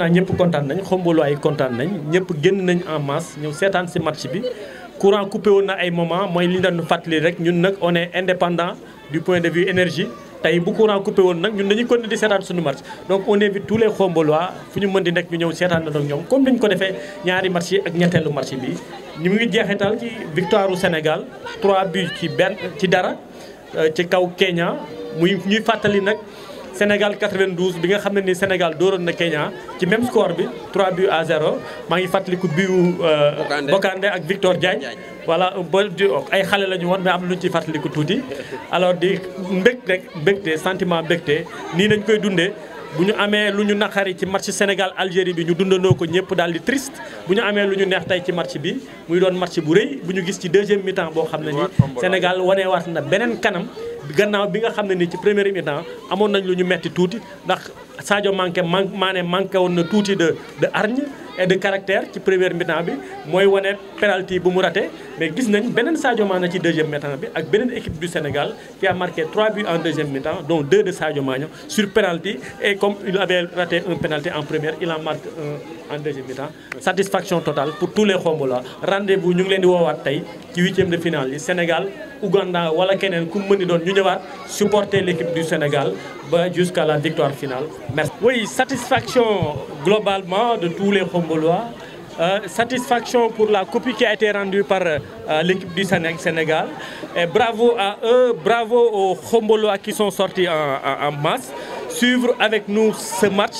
naa ñëpp kontaan nañ xombaluwaay kontaan nañ ñëpp génn nañ en masse ñëw seetaan si match bi courant coupé woon na ay moment mooy li ñu doon fàttali rek ñun nag on est indépendant du point de vue énergie tey bu courant coupé woon nag ñun dañuy continuer di seetaan suñu match donc on invite tous les xombolois fu ñu mën di nekk ñu ñëw seetaan na donc ñoom comme dañ ko defee ñaari match yi ak ñetteelu match bi ñu ngi jeexital ci victoire u Sénégal 3 buts ci benn ci dara euh, ci kaw Kenya muy ñuy fàttali nag Sénégal 92 bi nga xam ne ni Sénégal dooroon na Kenya ci même score bi 3 buts à 0 maa ngi fàttaliku biu euh, Bokande ak Victor Diagne voilà ba ay xale la ñu woon am lu ñu ciy fàttaliku tuuti alors di mbég rek mbégte sentiment mbégte nii nañ koy dundee bu ñu amee lu ñu naqari ci match Sénégal Algérie bi ñu dundandoo ko ñëpp daal di triste bu ñu amee lu ñu neex tey ci match bi muy doon match bu rëy bu ñu gis ci deuxième mi-temps boo xam ne ni Sénégal waneewaat na beneen kanam gannaaw bi nga xam ne ni ci première mi-temps amoon nañ lu ñu metti tuuti ndax Sadio manqué man Mané manqué woon na tuuti de de hargne et de caractère ci première mi-temps bi mooy wane penalty bu mu raté mais gis nañ beneen Sadio Mané ci deuxième mi bi ak beneen équipe du Sénégal qui a marqué 3 buts en deuxième mi-temps dont 2 de Sadio Mané sur penalty et comme il avait raté un penalty en première il en marque un en deuxième mi-temps satisfaction totale pour tous les Khombolois rendez-vous ñu ngi leen di woowaat tey ci huitième de finale yi Sénégal wala keneen ku mu mën di doon ñu ñëwaat supporter l'équipe du Sénégal ba jusqu'à la victoire finale merci. oui satisfaction globalement de tous les Khombolois euh, satisfaction pour la copie qui a été rendue par euh, l'équipe du Sénégal et bravo à bravo aux Khombolois qui sont sortis en en, en masse suivre avec nous ce match.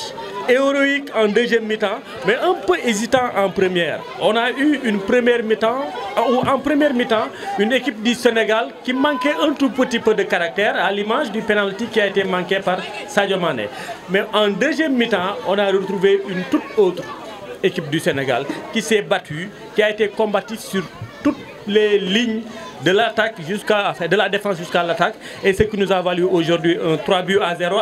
héroïque en deuxième mi-temps, mais un peu hésitant en première. On a eu une première mi-temps, ah, ou en première mi-temps, une équipe du Sénégal qui manquait un tout petit peu de caractère, à l'image du penalty qui a été manqué par Sadio Mané. Mais en deuxième mi-temps, on a retrouvé une toute autre équipe du Sénégal qui s'est battue, qui a été combattue sur toutes les lignes de l'attaque jusqu'à de la défense a valu aujourd'hui un 3 à 0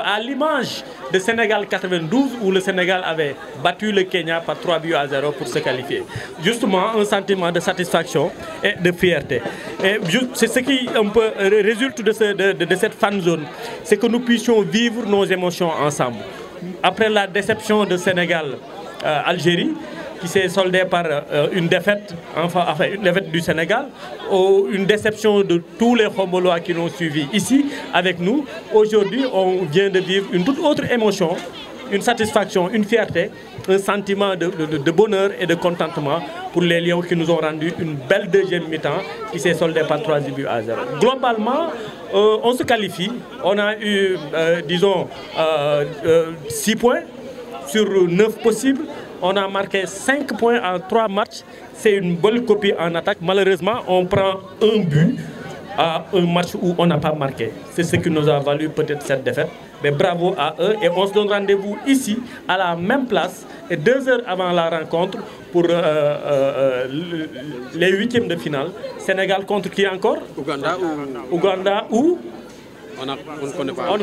de Sénégal 92 où le Sénégal avait battu le par 3 buts à pour se qualifier. Justement un de satisfaction et de fierté. Et c'est de, ce, de, de, de cette fan zone, c'est que nous puissions vivre nos émotions ensemble. Après la déception de Sénégal euh, qui s'est soldée par euh, une défaite, enfin, enfin, une défaite du Sénégal, ou une déception de tous les Khomolois qui l'ont suivi ici avec nous. Aujourd'hui, on vient de vivre une toute autre émotion, une satisfaction, une fierté, un sentiment de, de, de bonheur et de contentement pour les Lions qui nous ont rendu une belle deuxième mi-temps qui s'est soldée par 3 buts à 0. Globalement, euh, on se qualifie. On a eu, euh, disons, 6 euh, euh, points sur 9 possibles. On a marqué cinq points en 3 matchs. C'est une bonne copie en attaque. Malheureusement, on prend un but à un match où on n'a pas marqué. C'est ce qui nous a valu peut-être cette défaite. Mais bravo à eux et on se donne rendez-vous ici, à la même place, et deux heures avant la rencontre pour euh, euh, euh les huitièmes de finale. Sénégal contre qui encore Ouganda Ouganda ou On, a, on, ne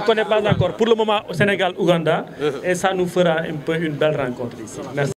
connaît pas. On Pour le moment, au Sénégal, Ouganda. Uh-huh. Et ça nous fera une belle rencontre ici.